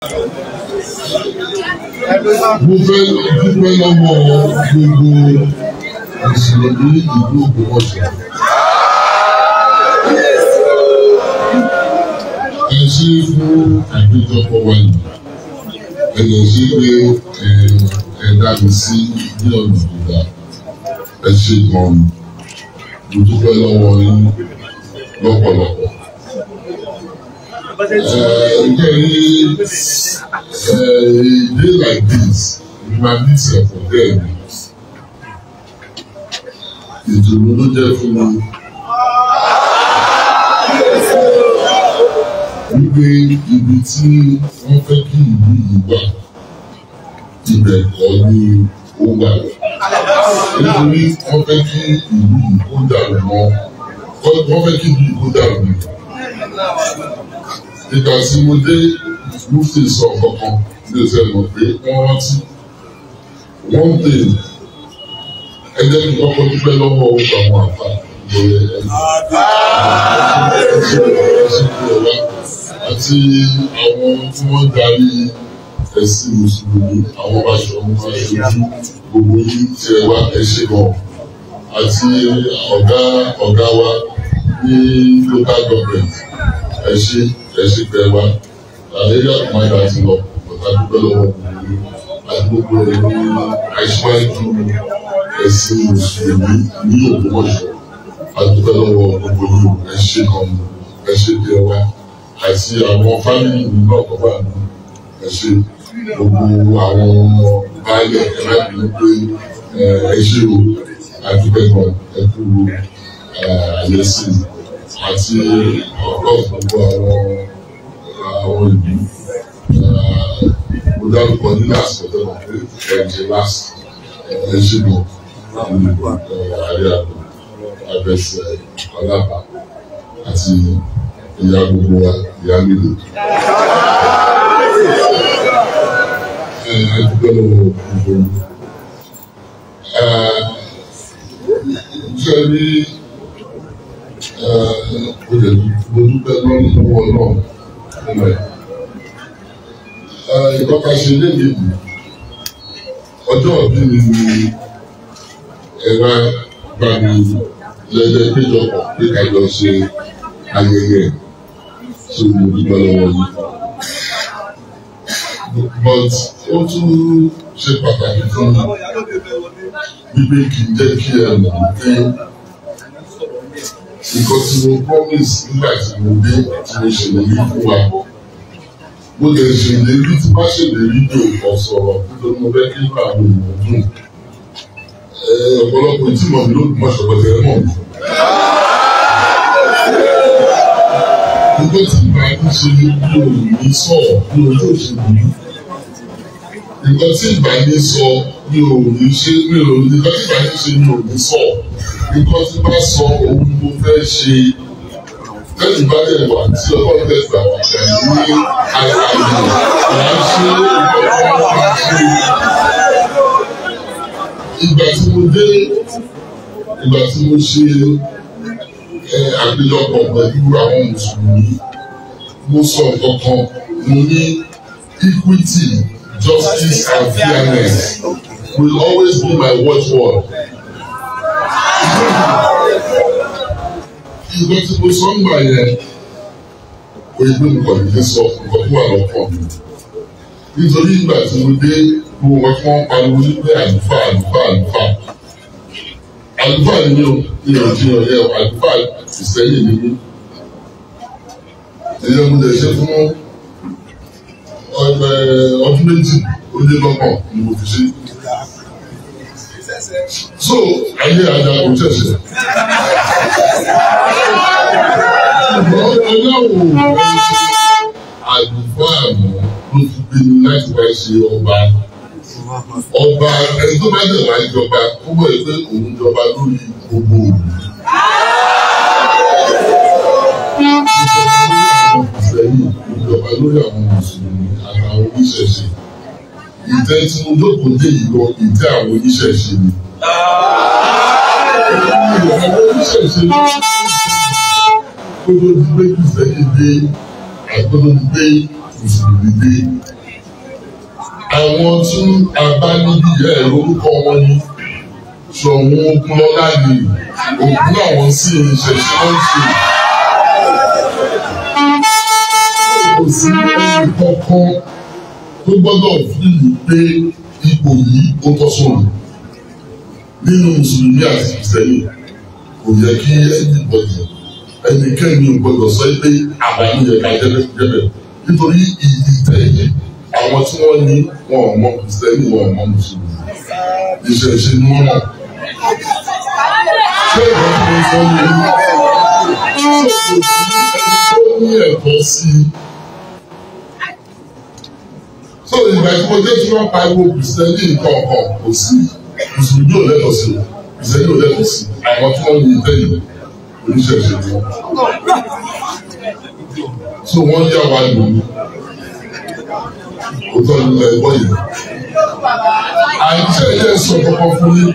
Mo fẹ́ dúpẹ́ lọ́wọ́ gbogbo òṣèré ní ìlú Ògbómọ̀ṣọ́. Ẹ ṣe fún àgbéjọpọ̀ wa yìí. Ẹ lè ṣe pé ẹ dá mi sí ní ọ̀nà ìgbà. Ẹ ṣe gan-an. Mo dúpẹ́ lọ́wọ́ yín lọ́pọ̀lọpọ̀ uh, again, uh, a day like this, we might need some for them. Ìdùnnú ló jẹ́ fún mi. Wípé ibi tí wọ́n fẹ́ kí ìlú the wà, ibẹ̀ be ni ó wà. Nítorí wọ́n fẹ́ kí ìlú yìí kó dàrú mọ́, wọ́n fẹ́ kí ìlú yìí kó dàrú mọ́ ìgbà tí mo dé mufti sọ kankan mi ò fẹ́ mọ̀ pé wọ́n rántí one thing ẹ jẹ́ kí n kọ́kọ́ dúpẹ́ lọ́wọ́ orúkọ àwọn àfa ìgbòye ẹni àti àwọn tí wọ́n darí ẹ̀sìn mùsùlùmí àwọn aṣọ àwọn aṣojú gbogbo yìí tí ẹ wá ẹ ṣe mọ́ àti ọ̀gá ọ̀gá wa ní local government ẹ ṣe ẹ ṣe pẹ wá àlejò àkùnmáyà ti lọ bàtà dúpẹ́ lọ́wọ́ òkùnrin àdúgbò rẹ ní aṣíwájú ẹ̀sìn mùsùlùmí ní Ògbómọ̀ṣọ́ àdúgbò lọ́wọ́ òkùnrin ẹ ṣe kan ẹ ṣe pẹ wá àti àwọn fámìlì mi náà kọ́ bá mi ẹ ṣe gbogbo àwọn ọmọ baálẹ̀ arábìnrin pé ẹ ṣe o àdúgbò náà ẹ kú àyẹ̀sìn àti ọ̀pọ̀ gbogbo àwọn àwọn ìlú mo dárúkọ nílé àsìkò náà pé ẹ̀jẹ̀ láti ẹ̀jẹ̀ ṣìnà ìlú àríyá abẹ́sẹ̀ ọlábà àti ìyá gbogbo wa ìyá nílò. Adúgbò lọ́wọ́ gbogbo. Ṣé ní mo lè mo dúpẹ́ lọ́nà lọ́wọ́ náà nínú ẹ̀. ìtọ́kasí lẹ́yìn ọjọ́ ọ̀bí mi ni ẹ̀rọ gbàgbé lẹ́lẹ́ péjọpọ̀ pé ká lọ ṣe ayẹyẹ tí mo dúpẹ́ lọ́wọ́ yìí. but ó tún ṣe pàtàkì fún mi wípé kì í jẹ́ kí ẹ mọ̀ pé because will promise nígbà tí will dé tí mo ṣèlérí fún wa mo lè ṣèlérí tí bá ṣèlérí tó kọ sọ̀rọ̀ nítorí mo fẹ́ kí nípa àwọn èèyàn dùn ọ̀pọ̀lọpọ̀ tí mo mi ló kún ọ̀ṣọ́ pẹ̀tẹ́ mọ̀ mi. Nígbà tí màá ń ṣe ní bí òun ní sọ̀rọ̀ bí ojú òṣèlú mi nǹkan tí ìgbà ní sọ ní òun ní ṣe ní òun ní nǹkan tí ìgbà ní ṣe ní òun ní sọ̀rọ̀ nǹkan tí bá sọ òun mo fẹ́ ṣe lẹ́yìn bá lè wà tí ọlọ́run tẹ̀sán àtìgbà ní àgbàdo là ń ṣe nǹkan tí wọ́n fi ṣe. Ìgbà tí mo dé ìgbà tí mo ṣe àgbéjọpọ̀ pẹ̀lú àwọn mùsùlùmí mo sọ nǹkan kan mo ní equity justice and fairness will always be my watchword nǹkan tí mo sọ ń gbà yẹn mo rí pé mo kàn ní sọ nǹkan tó wà lọ́kàn mi nítorí ìgbà tí mo dé mo wọ́n fún pariwo nígbà àlùfáà àlùfáà àlùfáà àlùfáà ni mi ò ní ìròjìyàn yẹn àlùfáà ìsẹ́yìn ni mi èyí ọmọ lè ṣe fún ọdún méjì ó lé lọ́gbọ̀n ni mo fi ṣe so ayé àjà kò ṣẹ̀ṣẹ̀. ṣùgbọ́n ọlọ́wọ́ àlùfáà mọ̀ ló fi gbé mi láti wá ṣe ọba ọba ẹni tó bá jẹ̀ máa jọba ó mọ̀ pé òun jọba lórí gbogbo òun. ìjọba lórí àwọn mùsùlùmí àtàwọn oníṣẹ̀ṣe ìtẹ́ tí mo jókòó dé yìí lọ ìtẹ́ àwọn oníṣẹ̀ṣe ni. ni gbogbo gbígbé kìsẹ́yìn dé àgbọ̀dọ̀ gbé mùsùlùmí dé. àwọn tí a bá níbí yẹ ẹ lórúkọ wọn ni ṣọ̀wọ́n ogunlọ́lá ni ògùn àwọn sì ń ṣẹ̀ṣẹ̀ wọ́n ṣe. kò sí ẹ̀sìn kankan tó gbọ́dọ̀ fìlì pé ipò yìí ó tọ́ sóun nínú mùsùlùmí àti ìsẹ́yìn kò yẹ kí ẹni bọ̀dì ẹnikẹ́ni ò gbọ́dọ̀ sọ pé àbáyé yẹ ká jẹ́bẹ̀ jẹ́bẹ̀ nítorí ìdìtẹ̀yìn àwọn tí wọ́n ní wọn ò mọ kìrìsìtẹ́nì wọn ò mọ mùsùlùmí ìṣẹ̀ṣe ni wọ́n mọ̀. ṣé ìwọ ni mo sọ ní ẹni tó ní ẹ̀kọ́ sí i so ìgbà tí mo dé tí wọ́n pariwo kìrìsìtẹ́nì nǹkan ọ̀kan kò sí mùsùlùmí ò lẹ́tọ̀ọ́ sí kìrìsìtẹ́nì ò lẹ́tọ̀ọ́ sí àwọn tí wọ́n ní ìtẹ́yìn oníṣẹ̀ṣẹ̀ ni wọ́n. so wọ́n yá wa lò ó ó tọ́ nílò ẹ̀gbọ́n yìí. àìsí ẹ̀jẹ̀ sọ kọ́kọ́ fún yín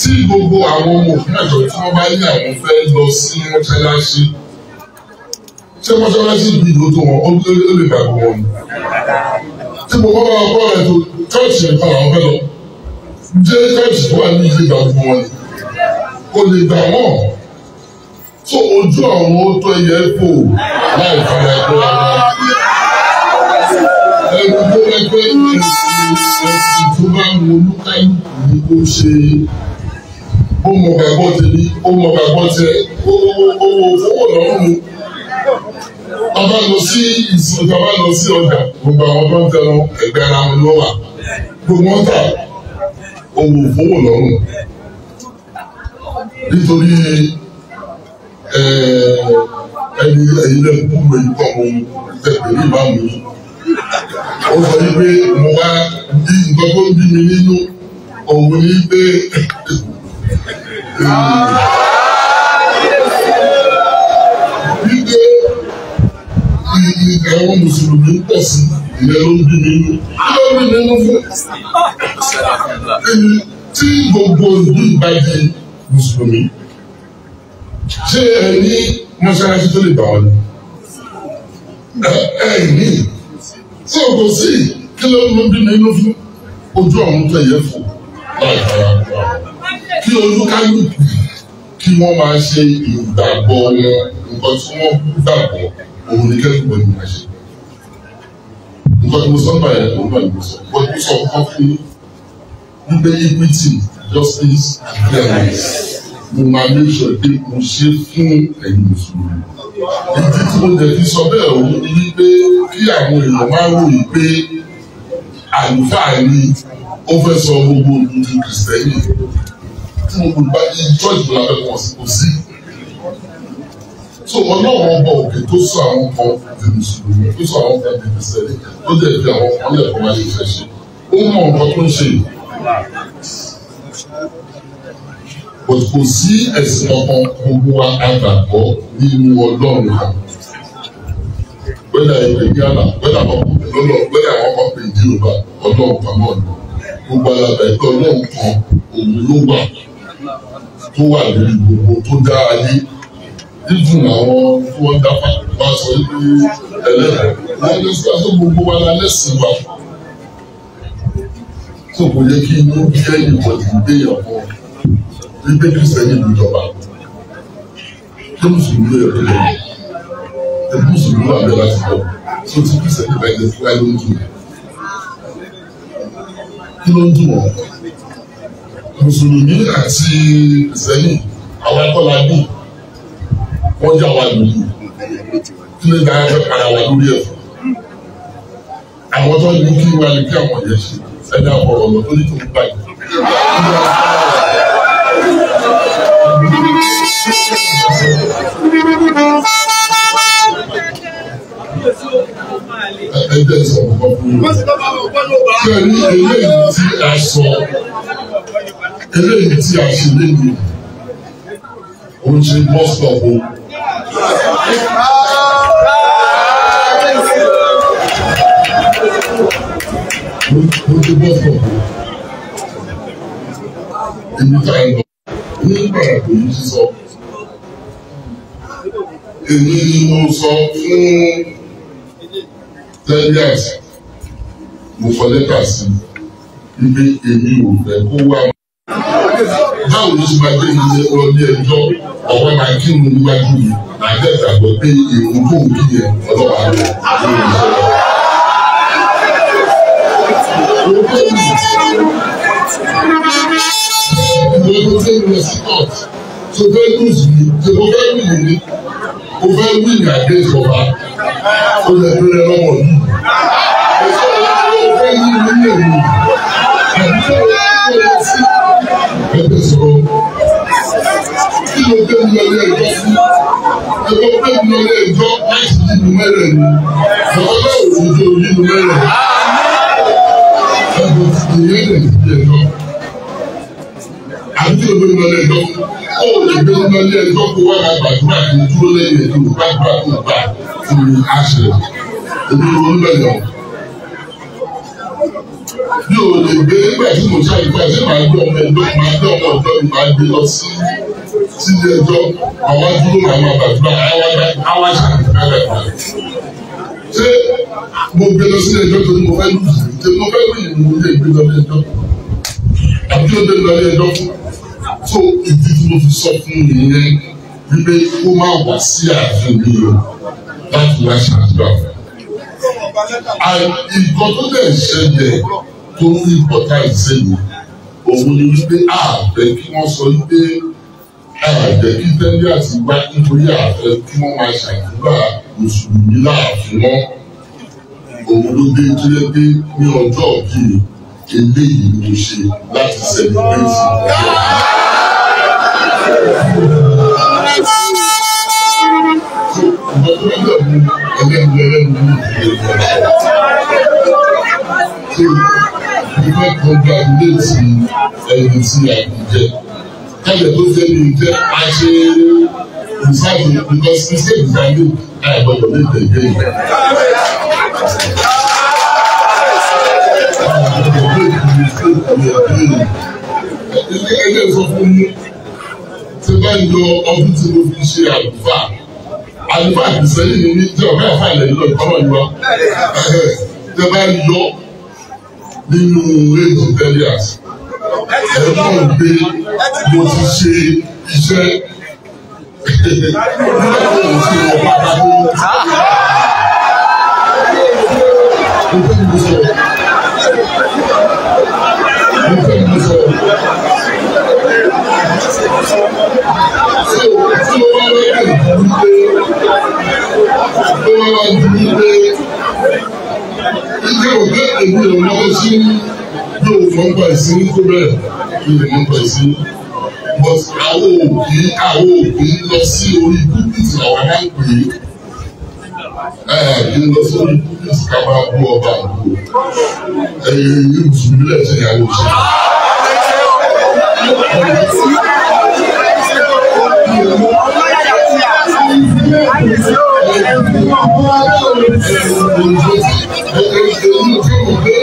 tí gbogbo àwọn ọmọ òfin àjọ tí wọ́n bá ní àwọn fẹ́ lọ sí mọ́ṣáláṣí ṣé mọ́ṣáláṣí ìbí ìlú tó tí mo bá bá ọkọ rẹ tó káàtì ẹ̀ka làwọn fẹ́ lọ jẹ́ káàtì tó wà ní ilé ìgbà gbogbo wọn ni kò lè gbà wọ́n tó ojú àwọn ó tọ́ ẹyẹ kò láì fara ẹ̀kọ́ ara ẹni tó rẹ pé ẹ̀sìn tó bá ń wo olúkálùkù ni ó ṣe ó mọ̀ gbàgbọ́ tẹ̀lé ó mọ̀ gbàgbọ́ tẹ̀ ó fowó lọ́rùn ọba lọ sí ìsọjà ọba lọ sí ọjà gbogbo àwọn tó ń tẹnu ẹgbẹ́ ara wọn ló wà gbogbo wọn tà owó fowó lọ́rùn nítorí ẹni ẹyin lẹ kúrò ìtọ ohun tẹpẹ ní ìbámu yìí ó sọ yìí pé mo wá bí nǹkan tó ń bí mi nínú òun ní pé. ẹ̀yin mùsùlùmí ń pẹ̀ sí ìyẹn ló ń bí nínú. Àlọ́ bí nínú fún. Èmi tí gbogbo ìlú ìbàdí mùsùlùmí. Ṣé ẹ ní mọ́ṣáláṣí tó lè bá wọn? Ẹ ẹ ní. Ṣé o kò sí kí ló ń bí nínú fún? Ojú àwọn tó yẹ fún láì fara gbà. Kí olúkálùkù kí wọ́n máa ṣe ìgbàgbọ́ wọn nǹkan tí wọ́n gbàgbọ́ òun ni kẹ́kọ̀ọ́ ni nǹkan tí mo sọ nípa ẹ̀ òun náà ló sọ but mo sọ nǹkan fún yín wípé equity justice and fairness mo máa ní sọ pé mo ṣe fún ẹ̀yin mùsùlùmí ìdí tí mo tẹ̀ fi sọ bẹ́ẹ̀ òun ni wípé kí àwọn èèyàn máa ròyìn pé àlùfáà ni ó fẹ́ sọ gbogbo olùdí kìrìsìtẹ́nì tí mo gbọ́dọ̀ bá yí church bó la pọ̀ sí kò sí so ọlọ́run ọba òkè tó sọ àwọn kan di mùsùlùmí tó sọ àwọn kan di mùsùlùmí ló dẹ̀ fi àwọn kan lẹ́kọ̀ọ́ máa ṣe ṣe ó mọ nǹkan tó ń ṣe yìí but kò sí ẹ̀sìn kankan gbogbo wa àgbàgbọ́ nínú ọlọ́run kan wẹ́dà ìpè gánà wẹ́dà ọkùnrin lọ́lọ́ wẹ́dà àwọn ọkùnrin yorùbá ọlọ́run kan náà ni gbogbo alábẹ́ ẹ̀kọ́ ọlọ́run kan òun ló wà tó wà lórí gbogbo tó dá ayé even àwọn tí wọ́n dápà bá sọ wípé ẹlẹ́rìí wọ́n lè sọ pé gbogbo wa la lẹ́sìn wa. tó kò yẹ kí inú bí ẹ̀yìn pọ̀ jù dé ìyàwó wípé kí sẹ́yìn ló jọba tó mùsùlùmí lè rí lọ ẹbí mùsùlùmí wà bẹ́ẹ̀ láti bọ̀ tó ti kí sẹ́yìn bá yẹ kí wáyé ń dùn. kí ló ń dùn ọ́ mùsùlùmí àti sẹ́yìn àwọn akọ́lá bíi wọ́n jẹ́ àwa ìlú yìí kí lè dáa fẹ́ para wa lórí ẹ̀fọ́ àwọn tó ní kí wọ́n lè kí àwọn yẹn ṣe ẹni àbọ̀rọ̀ ọ̀nà tó ní tó ń gbà Ẹgbẹ́ ìsọ̀rọ̀ kan fún mi. Kí eléyìí tí a sọ, eléyìí tí a ṣe léyìí, òun ṣe bọ́sítọ̀pù nígbà tó ń sọ èmi ni mo sọ fún telias mo kọ lẹ́tà sí ibi èmi ò fẹ́ kó wá. báwo ló ṣe máa dé ilé ọlọ́dẹ ẹjọ́ ọ̀pá máa kírun níwájú mi àìjẹ́ ìgbàgbọ́ pé ìrònú kò kí yẹn ọlọ́wà rẹ̀ ló ń sọ. Ìrònú fẹ́ lùzù ni tó mo fẹ́ lùzù ni mo fẹ́ wí ní àgbẹ̀ ìjọba ó lè bẹ̀rẹ̀ lọ́wọ́ yìí. Ó fẹ́ yí ní mi àbí tó ń lọ sí ẹgbẹ́ sọ̀rọ̀ mo gbé mi lọ ilé ìjọ sí mo tó gbé mi lọ ilé ìjọ láìsí nínú mẹ́rẹ̀ ni àwọn náà ò ní tó nínú mẹ́rẹ̀ ẹ̀bùn ìyẹn lè fi ẹ̀jọ́ àbí tó gbé mi lọ ilé ìjọ ó lè gbé mi lọ ilé ìjọ kó wà ní àgbàdúrà tó dúró lẹ́yìn ètò ìgbàgbà tó gbà fún mi àṣẹ ìdúró ńlẹ̀ yọ̀ yóò lè gbé nígbà tí mo ṣàyẹ̀wò àti màá gbé ọmọ ẹgbẹ́ màá gbé ọmọ ọ̀dọ́ mi màá gbé lọ sí síbi ẹjọ́ àwọn dúró làwọn àgbàdúrà àwọn àṣàkùnrin àgbàdúrà. ṣé mo gbé lọ sílé ẹjọ́ tó ní mo fẹ́ lù yìí tó mo fẹ́ lù yìí mo lè gbé lọ ilé ẹjọ́ àbí tó lè lọ ilé ẹjọ́ fún tó ìdí tí mo fi sọ fún nìyẹn wípé kó má wá sí ààfin mi o láti wá ṣàdúrà. nǹkan tó dẹ̀ ṣẹlẹ̀ tó ń rí bọ́tà ìṣẹ̀lẹ̀ òun ni wípé ààbẹ̀ kí wọ́n sọ wípé àjẹ́ kí tẹ́lẹ̀ àti gbá nítorí àfẹ́ kí wọ́n máa ṣàdúrà mùsùlùmí láàfin wọn. Òun ló dé tó yẹ pé ní ọjọ́ òbí eléyìí ni mo ṣe láti sẹ́lẹ̀bẹ̀tì. Mo fẹ́ congratulate ẹni tí a kò jẹ́ kájọ tó ṣe ìsáàbù because mistake is my own I gbọ́dọ̀ make the day. Ilé ìsọ fún mi ti bá ń ọdún tí mo fi ṣe àlùfáà. Àlùfáà kì í sẹ́yìn jẹ́ ọ̀gá ẹ̀fà ilẹ̀ ìlọ ìkọ́lọ̀ ìwà. Ti bá ń lọ nínú eight of ten ẹ mọ̀ pé mo ti ṣe iṣẹ́ lọ́wọ́ mo ṣe wọ bàbá mi. mo fẹ́ mi sọ mo fẹ́ mi sọ. Tí o bá lọ́yà ìdílé, ó máa ń dúró pé ilé òkè èmi ò lọ́wọ́ sí bí o mọ̀ nípa ìsìn tó bẹ́ẹ̀ bí o mọ̀ nípa ìsìn but àwọn òbí àwọn òbí lọ sí orí púpìtì làwọn máa ń pè lọ sí orí púpìtì ká máa bú ọba àgbo ẹ̀yẹ ìlú mùsùlùmí lẹ́sẹ̀ ìyàwó ṣe.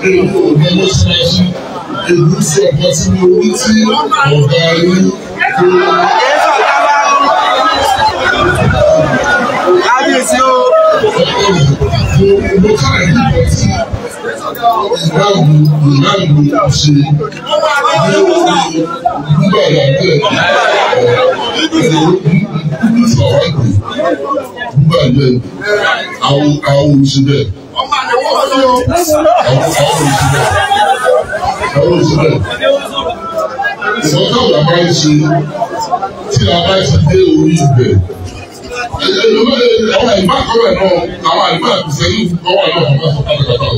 Thank you èyí ṣe ẹ̀kẹ́ sí mi orí tí ọ̀gá yín fi. Kábíyèsí o. Mo ká ẹ̀yìn lọ sí ìdáàbò ìdáàbò ṣe ní nígbà ìyàgbẹ́ ẹ̀rọ ní sọ̀rọ̀ ẹ̀gbẹ́ nígbà ìyẹn àwọn àwọn òṣìṣẹ́ àwọn àwọn òṣìṣẹ́ àwọn òṣìlẹ̀ ìwọ́n náà bá ń ṣe tí a bá ti dé orí ibẹ̀. Àwọn ìgbà kan rẹ̀ náà àwọn àlùfáà kò sẹ́yìn kan wà náà àwọn àṣọ pátákátá o.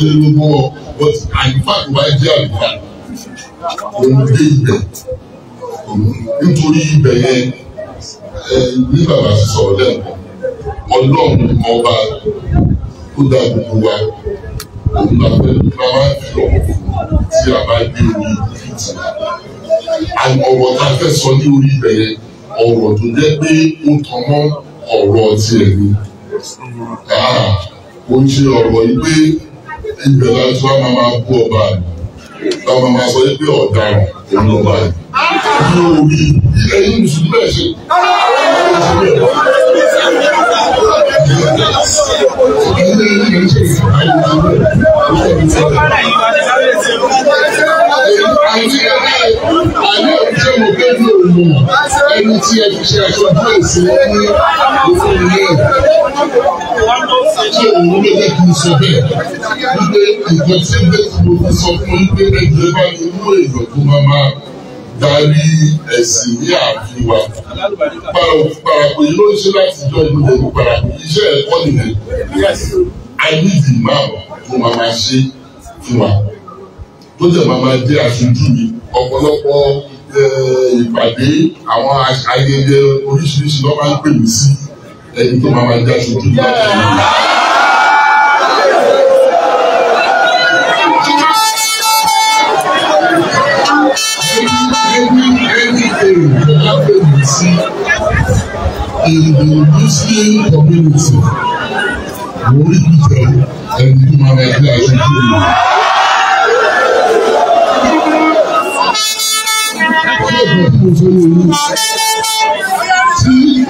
ṣe ló bọ́ but àlùfáà kò wáyé jẹ́ àlùfáà. Òun dé ibẹ̀ nítorí ibẹ̀ yẹn ní bàbá sọ̀rọ̀ lẹ́nu ọlọ́run ọba tó dá gbogbo wa ìlàfẹ́ ìlàwá ìlọ́wọ́ tí a bá gbé orí ìfìtì. àwọn ọ̀rọ̀ sọ ní orí ibẹ̀ yẹn tó jẹ́ pé ó tàn mọ́ ọ̀rọ̀ tiẹ̀ ni. ó ń ṣe ọ̀rọ̀ yìí pé ibẹ̀ láti wá máa máa bú ọba àná láwọn máa sọ pé ọ̀daràn òun ọba àná. ní orí ilẹ̀ yìí mùsùlùmí ẹni tí ẹ ṣe aṣọ bíyèsí ní ìfún ilé ṣé òun ló bẹ kí n sọ bẹ́ẹ̀ wípé ìgbà tí ń bẹ kí n sọ fún un pé ẹgbẹ́ bá ní tó máa máa darí ẹ̀sìn ní ààfin wa parapò yìí ló ń ṣe láti jọ ìgbìmọ̀ ìlú parapò iṣẹ́ ẹ̀kọ́ nìyẹn àníjì máa tó máa máa ṣe fún wa tó jẹ́ máa máa jẹ́ aṣojú mi ọ̀pọ̀lọpọ̀ ìpàdé àwọn ayẹyẹ oríṣiríṣi ló máa ń pè mí sí ẹni tó máa máa jẹ́ aṣojú mi láti ṣe. every everything that happens in the Muslim community wọ́n rí bíbẹ̀ ẹni tó máa bẹ bí aṣojú mi. Ọ̀pọ̀ fún sórí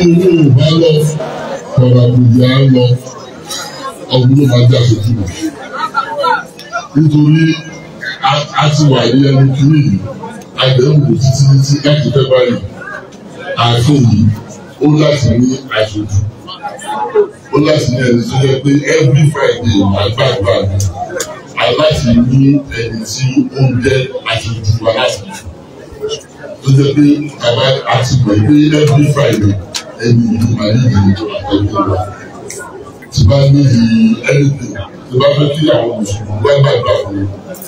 orí tí owó ò bá lọ kọ̀ọ̀rọ̀ àbùyá lọ ọ̀gbìn ló máa jẹ́ aṣojú mi. Nítorí a ti wà ní ẹnu kiri yìí àdéhùn títí títí láti fẹ́ báyìí ààfin yìí ó láti ní àṣojú ó láti ní ẹni tó yẹ pé every friday àgbààgbà mi aláti ní ẹni tí ó ń jẹ́ àṣojú wa láti tó jẹ́ pé bàbá àti mọ̀ pé every friday ẹni ìlú máa ní ìlú àtẹ̀wé wa tí bá ní ẹnìkan tó bá fẹ́ kí àwọn mùsùlùmí wá gbàgbà fún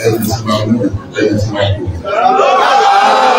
ẹni tí máa mú ẹni tí máa lò.